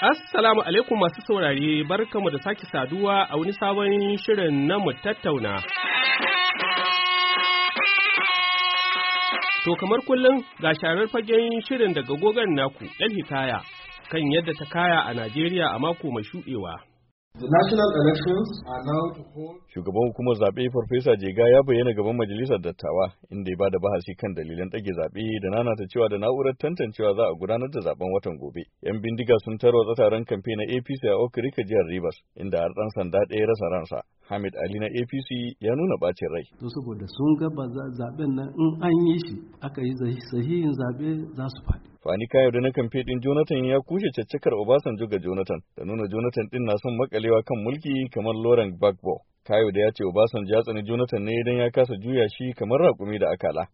Assalamu alaikum masu saurare barkamu da sake saduwa a wani sabon shirin na mu tattauna. To kamar kullum ga sharar fagen shirin daga gogon naku 'yan Hikaya kan yadda ta kaya a Najeriya a mako mai shuɗewa. Shugaban hukumar zaɓe Farfesa Jega ya bayyana gaban majalisar dattawa inda ya ba da bahasi kan dalilan ɗage zaɓe da nanata cewa da na'urar tantancewa za a gudanar da zaɓen watan gobe. 'Yan bindiga sun tarwatsa taron kamfe na APC a Okirika jihar Rivers inda har ɗan sanda ɗaya rasa ransa. Hamid Ali na APC ya nuna bacin rai. To saboda sun ga ba zaben nan in an yi shi aka yi sahihin zabe za su faɗi. Fani Kayo da na kamfe din Jonathan ya kushe caccakar Obasanjo ga Jonathan da nuna Jonathan ɗin na son makalewa kan mulki kamar Lauren Gbagbo. Kayo da ya ce Obasanjo ya tsani Jonathan ne idan ya kasa juya shi kamar raƙumi da akala.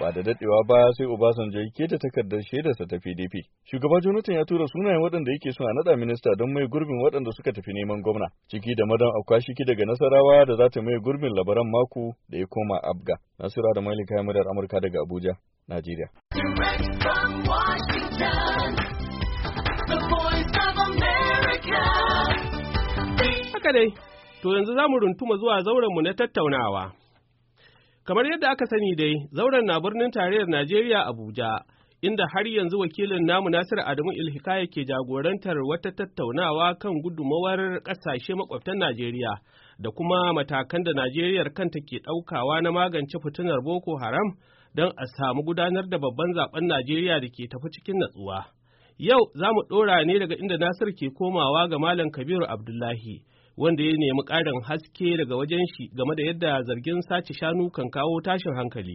ba da dadewa ba sai Obasanjo ya keta takardar shaidarsa ta PDP. Shugaba Jonathan ya tura sunayen waɗanda yake so a nada minista don mai gurbin waɗanda suka tafi neman gwamna, ciki da madan Akwashiki daga Nasarawa da za ta mai gurbin labaran mako da ya koma Abga. Nasira da Malika Yamurar Amurka daga Abuja, Najeriya. Haka dai, to yanzu za mu runtuma zuwa zauren mu na tattaunawa. Kamar yadda aka sani dai, zauren na birnin tarayyar Najeriya Abuja, inda har yanzu wakilin namu Nasiru Adamu Ilhikaya ke jagorantar wata tattaunawa kan gudumawar ƙasashe makwabtan Najeriya da kuma matakan da Najeriya kanta ke ɗaukawa na magance fitinar Boko Haram don a samu gudanar da babban zaben Najeriya da ke tafi cikin natsuwa. Yau za mu ɗora ne daga inda Nasiru ke komawa ga Malam Kabiru Abdullahi. wanda ya nemi ƙarin haske daga wajen shi game da yadda zargin sace shanu kan kawo tashin hankali.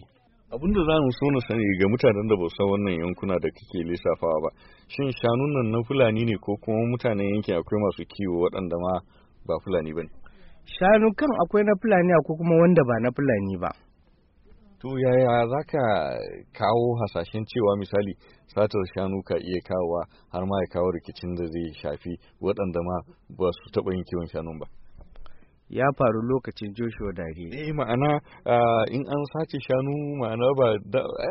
Abin da za mu so na sani ga mutanen da ba san wannan yankuna da kake lissafawa ba, shin shanun nan na Fulani ne ko kuma mutanen yankin akwai masu kiwo waɗanda ma ba Fulani ba ne? Shanu kan akwai na Fulani akwai kuma wanda ba na Fulani ba. To yaya za ka kawo hasashen cewa misali satar shanu ka iya kawowa har ma ya kawo rikicin da zai shafi waɗanda ma ba su taɓa yin kiwon shanun ba ya faru lokacin Joshua Dare. Eh ma'ana in an sace shanu ma'ana ba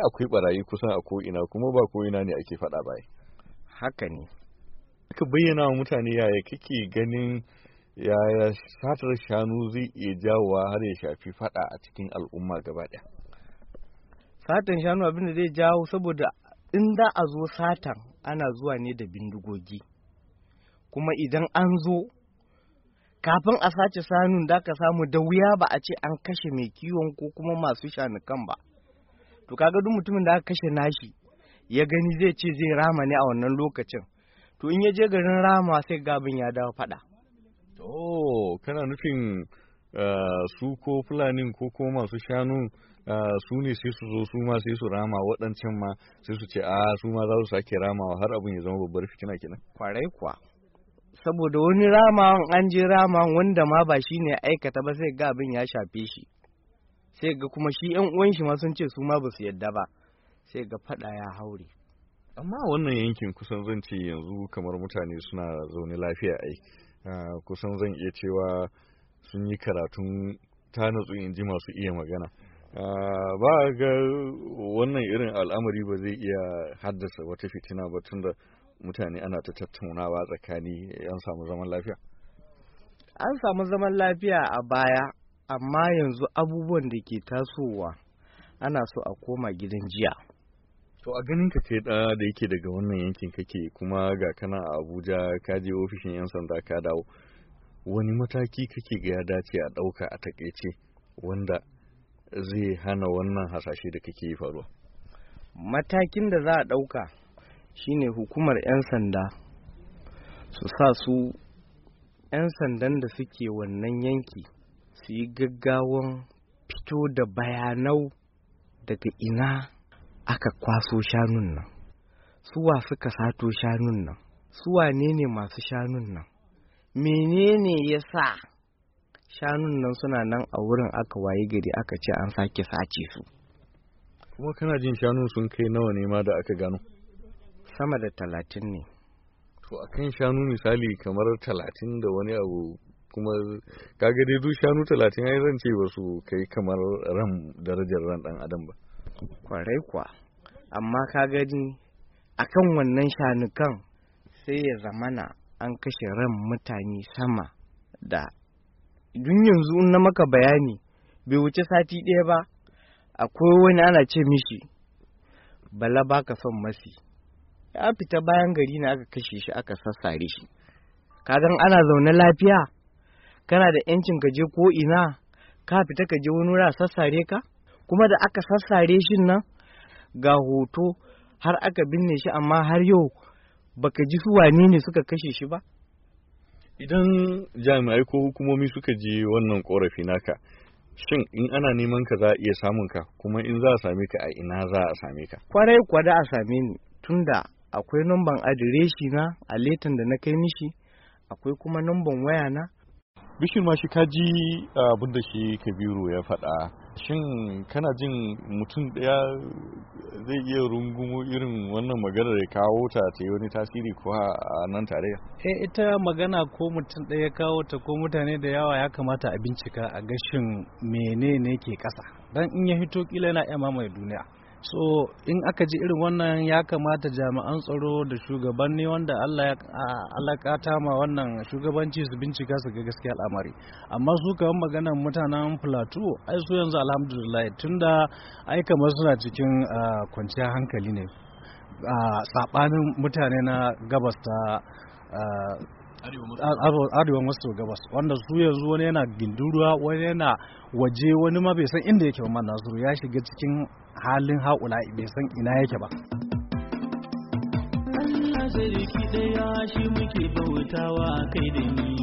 akwai barayi kusan a ko'ina kuma ba ko'ina ne ake faɗa ba. Haka ne. Ka bayyana wa mutane yaya kake ganin yaya satar shanu zai iya jawowa har ya shafi faɗa a cikin al'umma gaba ɗaya. Satar shanu abin da zai jawo saboda in za a zo satan ana zuwa ne da bindigogi kuma idan an zo kafin a sace sanun da ka samu da wuya ba a ce an kashe mai kiwon ko kuma masu shanukan ba to kaga duk mutumin da aka kashe nashi ya gani zai ce zai rama ne a wannan lokacin to in ya je garin rama sai gabin ya dawo fada oh kana nufin eh, su ko fulanin ko kuma masu shanun Ah, su ne sai su zo su ma sai su rama waɗancan ma sai su ce a ah, su ma za su sake ramawa har abin ya zama babbar fitina kenan kwarai kuwa saboda wani rama an je rama wanda ma ba shi ne aikata ba sai ga abin ya shafe shi sai ga kuma shi yan uwan shi ma sun ce su ma ba su yadda ba sai ga fada ya haure amma wannan yankin kusan zan ce yanzu kamar mutane suna zaune lafiya ai ah, kusan zan iya cewa sun yi karatun ta natsu in ji masu iya magana ba ga wannan irin al'amari ba zai iya haddasa wata fitina ba tunda mutane ana ta tattaunawa tsakani an samu zaman lafiya an samu zaman lafiya a baya amma yanzu abubuwan da ke tasowa ana so a koma gidan jiya to a ganin ka da da yake daga wannan yankin kake kuma ga kana a abuja ka je ofishin yan sanda ka dawo wani mataki kake ga ya dace a ɗauka a takaice wanda zai hana wannan hasashe da kake yi faruwa matakin da za a ɗauka shine hukumar 'yan sanda su sa su 'yan sandan da suke wannan yanki su yi gaggawan fito da bayanau daga ina aka kwaso shanun nan suwa suka sato shanun nan suwa ne ne masu shanun nan menene ya sa shanun nan suna nan a wurin aka waye gari aka ce an sake sace su kuma kana jin shanun sun kai nawa ne ma da aka gano sama da talatin ne to a kan shanu misali kamar talatin da wani abu kuma kaga dai duk shanu talatin ya zan ce ba su kai kamar ran darajar ran dan adam ba kwarai kuwa, amma ka gani kan wannan shanukan sai ya zamana an kashe ran mutane sama da dun yanzu na maka bayani bai wuce sati ɗaya ba akwai wani ana ce mishi bala ba ka son masi ya fita bayan gari na aka kashe shi aka sassare shi kagan ana zaune lafiya kana da yancin ka je ko ina ka fita ka je wani wuri sassare ka kuma da aka sassare shi nan ga hoto har aka binne shi amma har yau baka ji su wane ne suka kashe shi ba Idan jami'ai ko hukumomi suka je wannan korafi naka, shin in ana neman ka za a iya samun ka kuma in za a same ka a ina za a same ka? Kwarai kwada a same ni tunda akwai numban adireshi na a letan da na kai mishi akwai kuma numban waya na. bishin ma shi kaji abin da shi Kabiru ya faɗa shin kana jin mutum ɗaya zai iya rungumo irin wannan maganar ya kawo ta ta yi wani tasiri ko a nan tare? eh ita magana ko mutum ɗaya kawo ta ko mutane da yawa ya kamata a bincika a gashin menene ke ƙasa dan in ya hito kila yana iya mamaye duniya so in aka ji irin wannan ya kamata jami'an tsaro da shugabanni wanda allah ya ta ma wannan shugabanci su bincika su ga gaskiya al'amari amma su kamar maganar mutanen plateau ai su yanzu alhamdulillah tunda ai kamar suna cikin kwanciyar hankali ne a saɓanin mutane na gabas ta arewa maso gabas wanda su yanzu wani yana gindurwa wani yana waje wani ma bai san inda yake ba nasiru ya shiga cikin halin haƙula bai san ina yake ba Allah sarki daya shi muke bautawa kai da ni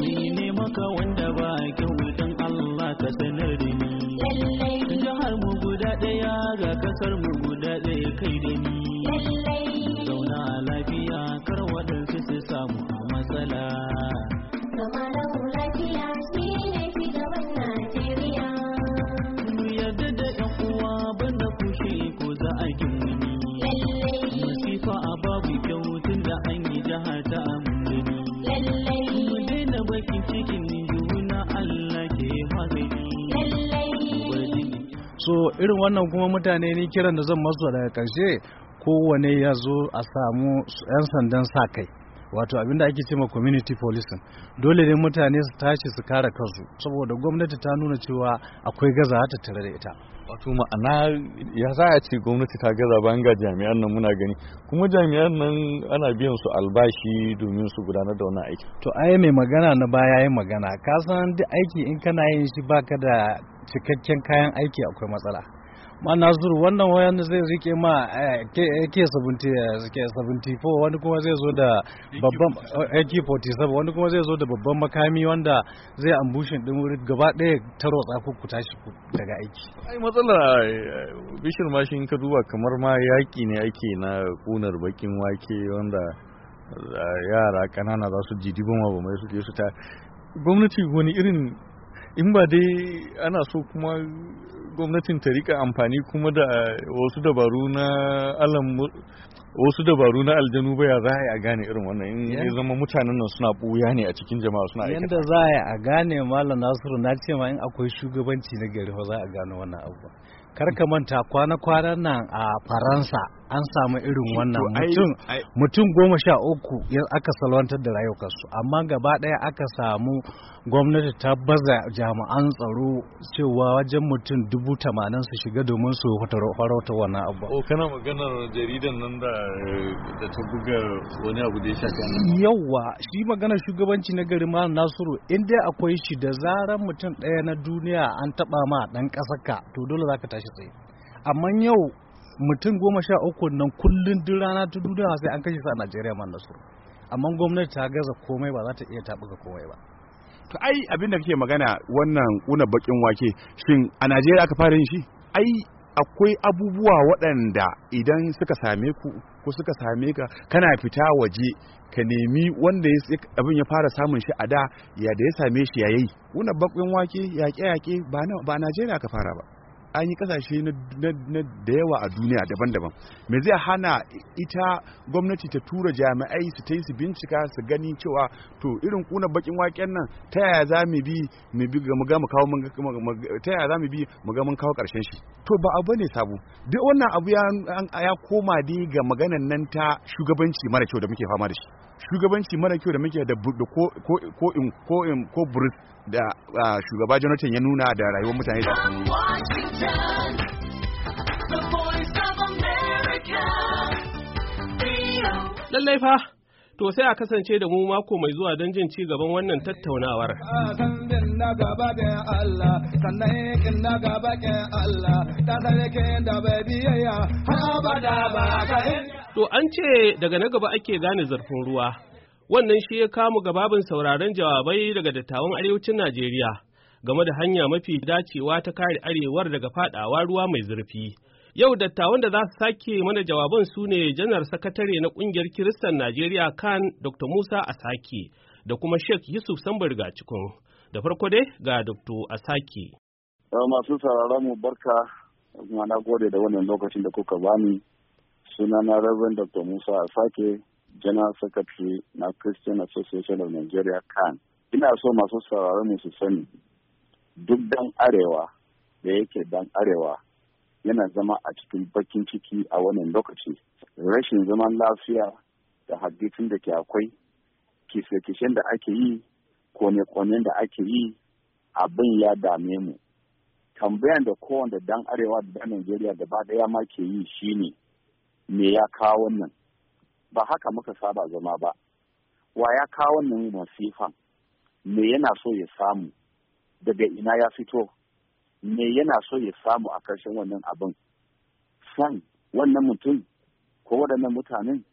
ni ne maka wanda ba kyau idan Allah ka sanar da ni jihar mu guda ɗaya ga kasar mu guda ɗaya kai da ni so irin wannan kuma mutane ni kiran da zan masu daga karshe kowane ya zo a samu 'yan sandan sa kai wato abinda ake cewa community policing dole ne mutane su tashi su kare kansu saboda gwamnati ta nuna cewa akwai gaza ta tare da ita wato ma'ana ya za a ce gwamnati ta gaza bayan ga jami'an nan muna gani kuma jami'an nan ana biyan su albashi domin su gudanar da wani aiki to ai mai magana na baya yin magana kasan san duk aiki in kana yin shi baka da cikakken kayan aiki akwai matsala mana zuru wannan wayan zai rike ma ak-74 eh, eh, eh, wani kuma zai zo da babban ak-47 wani kuma zai zo da babban makami wanda zai ambushin din wuri gaba ɗaya ta rotsa ku ku daga aiki ai matsala bishir mashin ka duba kamar ma yaƙi ne ake na ƙunar bakin wake wanda yara ƙanana za su ji ma ba mai suke su ta gwamnati wani irin in ba dai ana so kuma gwamnatin ta rika amfani kuma da wasu dabaru na alam wasu dabaru na aljanu baya za a yi a gane irin wannan in ya zama mutanen nan suna buya ne a cikin jama'a suna aikata yanda za a yi a gane mala nasiru na ce ma in akwai shugabanci na gari ba za a gane wannan abu kar ka manta kwana kwanan nan a faransa an samu irin wannan mutum mutum goma sha uku aka salwantar da rayukansu amma gaba ɗaya aka samu gwamnati ta baza jami'an tsaro cewa wajen mutum dubu tamanin su shiga domin su farauta wannan abu. o kana maganar jaridan nan da da ta buga wani abu da ya shafi yauwa shi magana shugabanci na gari ma nasiru in dai akwai shi da zarar mutum ɗaya na duniya an taɓa ma ɗan ƙasarka to dole za ka tashi tsaye amma yau mutum goma sha uku nan kullum duk rana ta duniya sai an kashe su a najeriya ma nasiru amma gwamnati ta gaza komai ba za ta iya taɓuka komai ba to ai abinda kake magana wannan kuna bakin wake shin a najeriya aka fara yin shi ai akwai abubuwa waɗanda idan suka same ku ko suka same ka kana fita waje ka nemi wanda abin ya fara samun shi a da ya da ya same shi yayi wannan bakin wake yaƙe-yaƙe ba Najeriya ka fara ba an yi kasashe da yawa a duniya daban-daban me zai hana ita gwamnati ta tura jami'ai su ta yi su bincika su gani cewa to irin kuna bakin waken nan ta yaya za mu bi mu kawo za mu bi mu ga mun kawo karshen shi to ba abu ne sabo duk wannan abu ya koma dai ga maganan nan ta shugabanci mara kyau da muke fama da shi shugabanci mara kyau da muke da ko in ko in da shugaba Jonathan ya nuna da rayuwar mutane da su To sai a kasance da mu mako mai zuwa don jin ci gaban wannan tattaunawar. To an ce daga na gaba ake gane zarfin ruwa. Wannan shi ya kamu gababin sauraron jawabai daga dattawan arewacin Najeriya game da hanya mafi dacewa ta kare arewar daga fadawa ruwa mai zurfi. Yau dattawan da za su sake mana jawaban su ne janar sakatare na ƙungiyar Kiristan Najeriya kan Dr. Musa Asaki da kuma Sheikh Yusuf Sambarga cikin. Da farko dai ga Dr. Asaki. Masu sauraron mu barka kuma na gode da wannan lokacin da kuka bani. na Reverend Dr. Musa Asake, janar Secretary na Christian Association of Nigeria kan. Ina so masu sauraron mu su sani duk dan arewa da yake dan arewa yana zama a cikin bakin ciki a wannan lokaci rashin zaman lafiya da hadisin da ke akwai kise-kishen da ake yi kone-konen da ake yi abin ya dame mu tambayan da kowanne dan arewa da najeriya da ba daya ma ke yi shine me ya kawo wannan ba haka muka saba zama ba wa ya kawo wannan masifan me yana so ya samu daga ina ya fito me yana so ya samu a ƙarshen wannan abin san wannan mutum ko waɗannan mutanen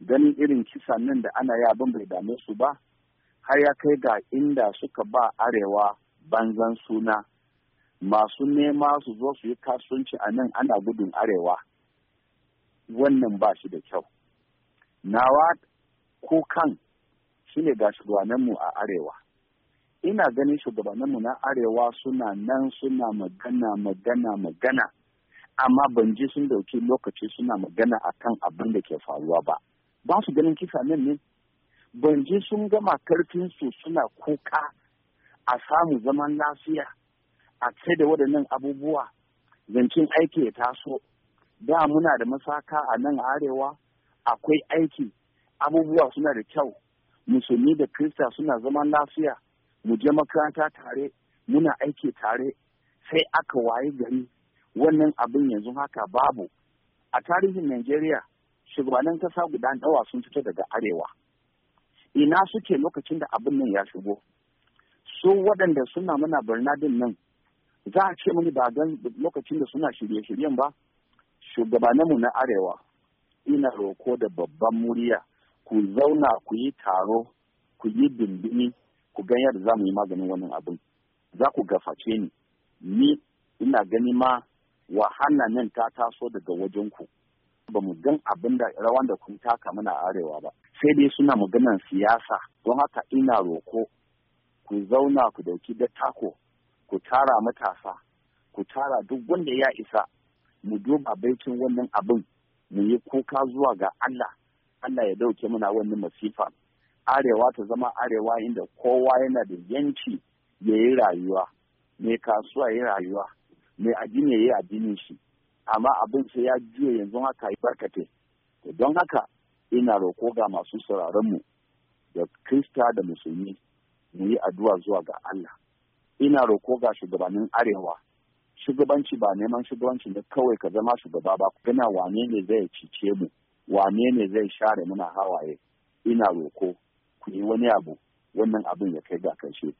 ganin irin kisan nan da ana yi abin bai dame su ba har ya kai ga inda suka ba arewa banzan suna masu nema su zo su yi kasuwanci a nan ana gudun arewa wannan ba shi da kyau nawa kukan shi ne ga shugabanninmu a arewa ina ganin shugabanninmu na arewa suna nan suna magana magana magana amma ban ji sun dauki lokaci suna magana akan abin da ke faruwa ba ba su ganin kisa nan ne ban ji sun gama karfin su suna kuka a samu zaman lafiya a ce da waɗannan abubuwa zancen aiki ya taso da muna da masaka a nan arewa akwai aiki abubuwa suna da kyau musulmi da krista suna zaman lafiya mu je makaranta tare muna aiki tare sai aka waye gari wannan abin yanzu haka babu a tarihin Najeriya shugabannin kasa guda dawa sun fito daga arewa ina suke lokacin da abin nan ya shigo su waɗanda suna mana birnadin nan za a ce mani ba gan lokacin da suna shirye-shiryen ba shugabanninmu na arewa ina roko da babban murya ku zauna ku yi taro ku yi bindini ku gan yadda za mu yi maganin wannan abin za ku gaface ni ni ina gani ma wahala nan ta taso daga wajen ku ba mu gan abin da rawan da kun taka mana arewa ba sai dai suna maganan siyasa don haka ina roko ku zauna ku dauki da tako ku tara matasa ku tara duk wanda ya isa mu duba baitin wannan abin mu yi kuka zuwa ga Allah Allah ya dauke muna wannan masifa arewa ta zama arewa inda kowa yana da yanci ya yi rayuwa mai kasuwa ya yi rayuwa mai addini ya yi addinin shi amma abin sai ya juya yanzu haka yi barkate to don haka ina roko ga masu sararinmu da krista da musulmi mu yi addu'a zuwa ga Allah ina roko ga shugabannin arewa shugabanci ba neman shugabanci ne kawai ka zama shugaba ba kana wane ne zai cice mu wane ne zai share muna hawaye ina roko ku yi wani abu wannan abin ya kai ga karshe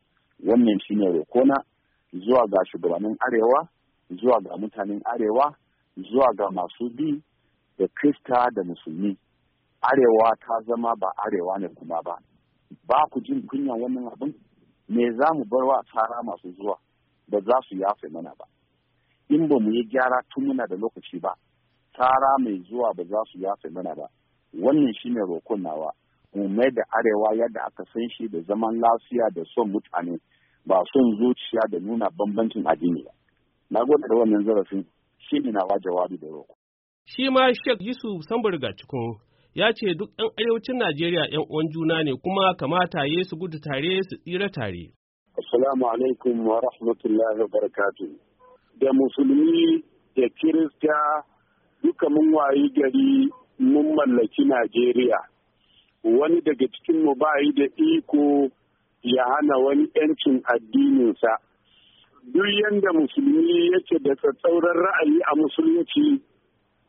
wannan shine rokona zuwa ga shugabannin arewa zuwa ga mutanen arewa zuwa ga masu bi da krista da musulmi arewa ta zama ba arewa ne kuma ba ba ku jin kunyan wannan abin me za mu bar wa tsara masu zuwa ba za su yafe mana ba in ba mu yi gyara tun muna da lokaci ba tsara mai zuwa ba za su yafe mana ba wannan shine ne nawa umar da arewa yadda aka san shi da zaman lafiya da son mutane ba son zuciya da nuna bambancin addini ba na gode da wannan zarafin shi ne na jawabi da roko shi ma Sheikh Yusuf sambarga cikin ya ce duk 'yan arewacin Najeriya 'yan uwan juna ne kuma kamata ya su gudu tare su tsira tare. Assalamu alaikum wa rahmatullahi wa barakatu. Da musulmi da kirista duka mun wayi gari mun mallaki Najeriya. wani daga cikinmu ba yi da iko ya hana wani ‘yancin addininsa. Duk yadda musulmi yake da tsatsauran ra'ayi a musulunci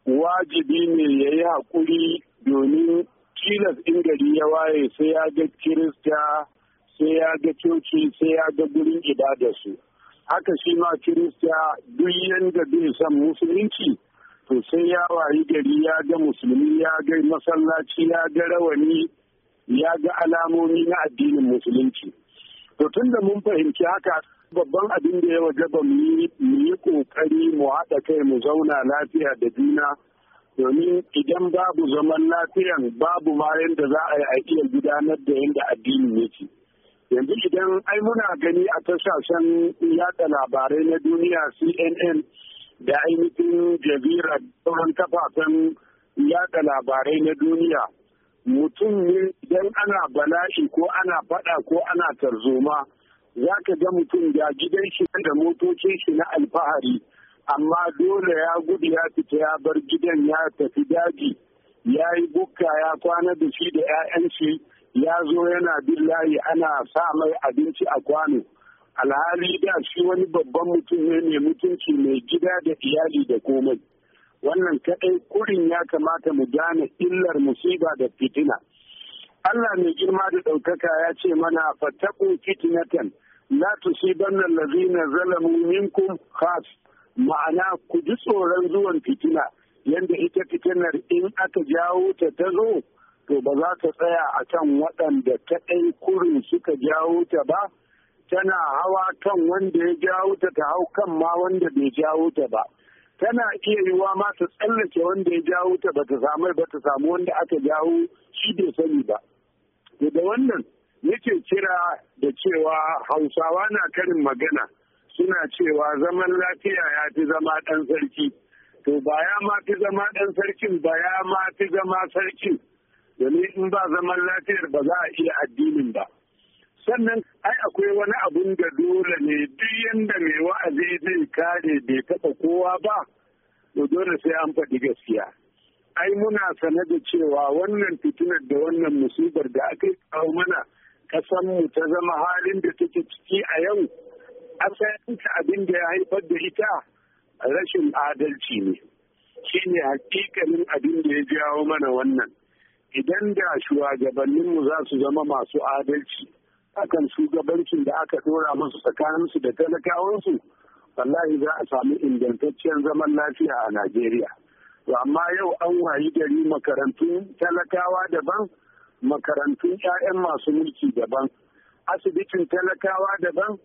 wajibi ne ya yi haƙuri domin tilas in gari ya waye sai ya ga kirista sai ya ga coci sai ya ga gurin ibadarsu. Haka shi ma kirista duk yadda bai san musulunci. to sai ya wayi gari ya ga musulmi ya ga masallaci ya ga rawani ya ga alamomi na addinin musulunci to tun da mun fahimci haka babban abin da ya ba mu yi kokari mu haɗa kai mu zauna lafiya da juna domin idan babu zaman lafiyan babu ma yadda za a yi a gudanar da yadda addini yake yanzu idan ai muna gani a tashashen yatsa labarai na duniya cnn da ainihin jabira sauran kafafen yada labarai na duniya mutum ne idan ana bala'i ko ana fada ko ana tarzoma za ka ga mutum ya gidan shi da motocin shi na alfahari amma dole ya gudu ya fita ya bar gidan ya tafi daji ya yi bukka ya kwana da shi da 'ya'yan shi ya zo yana bin layi ana sa mai abinci a kwano. alhali da shi wani babban mutum ne mai mutunci mai gida da iyali da komai wannan kadai kurin ya kamata mu gane illar musiba da fitina Allah mai girma da ɗaukaka ya ce mana fataku fitinatan la tusiban allazina zalamu minkum khas ma'ana ku ji tsoron zuwan fitina yadda ita fitinar in aka jawo ta ta zo to ba za ta tsaya a kan waɗanda kaɗai kurin suka jawo ta ba tana hawa kan wanda ya jawo ta ta hau kan ma wanda bai jawo ta ba tana iya wa ma ta tsallake wanda ya jawo ta ba ta samu ba ta samu wanda aka jawo shi bai sani ba da wannan yake kira da cewa hausawa na karin magana suna cewa zaman lafiya ya fi zama ɗan sarki to ba ya ma fi zama ɗan sarkin ba ya ma fi zama sarkin domin in ba zaman lafiyar ba za a iya addinin ba. sannan ai akwai wani abun da dole ne duk yanda mai wa'azi zai kare bai taɓa kowa ba to dole sai an faɗi gaskiya ai muna sane da cewa wannan fitinar da wannan musibar da aka yi kawo mana mu ta zama halin da take ciki a yau ta abin da ya haifar da ita rashin adalci ne shine hakikalin abin da ya jawo mana wannan idan da shugabanninmu za su zama masu adalci akan shugabancin da aka dora musu tsakaninsu da talakawansu wallahi za a sami ingantaccen zaman lafiya a Najeriya. To amma yau an wayi gari makarantun talakawa daban, makarantun 'ya'yan masu mulki daban, asibitin talakawa daban,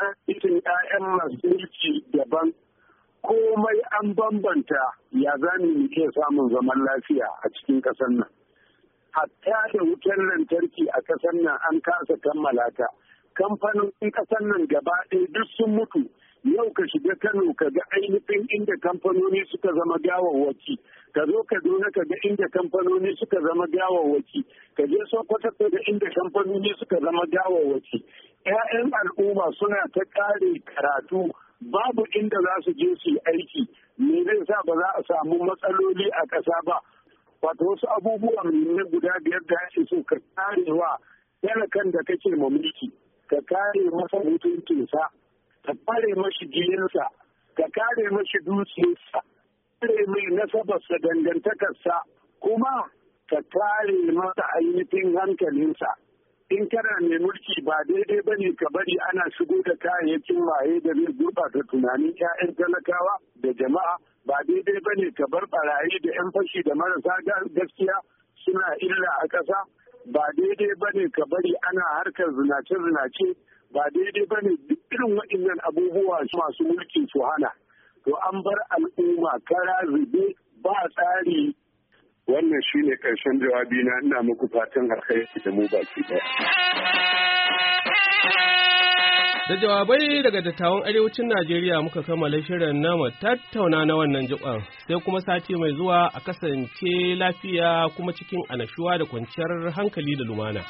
asibitin 'ya'yan masu mulki daban. Komai an bambanta ya zani mu iya samun zaman lafiya a cikin ƙasar nan. hatta da wutar lantarki a ƙasar nan an kasa kammala ta kamfanonin ƙasar nan gaba ɗaya duk sun mutu yau ka shiga kano ka ga ainihin inda kamfanoni suka zama gawawwaki ka zo kaduna ka ga inda kamfanoni suka zama gawawwaki ka je sokoto ka ga inda kamfanoni suka zama gawawwaki 'ya'yan al'umma suna ta ƙare karatu babu inda za su je su yi aiki me zai sa ba za a samu matsaloli a ƙasa ba wato wasu abubuwan ne guda biyar da ake so ka karewa talakan da kake ma mulki ka kare masa mutuncinsa ka kare mashi jininsa ka kare mashi dukiyarsa kare mai nasabarsa dangantakarsa kuma ka kare masa ainihin hankalinsa in kana mai mulki ba daidai ba ne ka bari ana shigo da kayayyakin waye da zai gurɓata tunanin 'ya'yan talakawa da jama'a ba daidai ba ne ka bar barayi da 'yan fashi da marasa gaskiya suna illa a ƙasa ba daidai ba ne ka bari ana harkar zinace-zinace ba daidai ba ne duk irin waɗannan abubuwa masu mulki su hana to an bar al'umma kara zube ba tsari wannan shine karshen jawabi na ina muku fatan alkhairi da mu baki ba Da jawabai daga dattawan arewacin Najeriya muka kammala shirin nama tattauna na wannan jikon sai kuma sati mai zuwa a kasance lafiya kuma cikin anashuwa da kwanciyar hankali da lumana.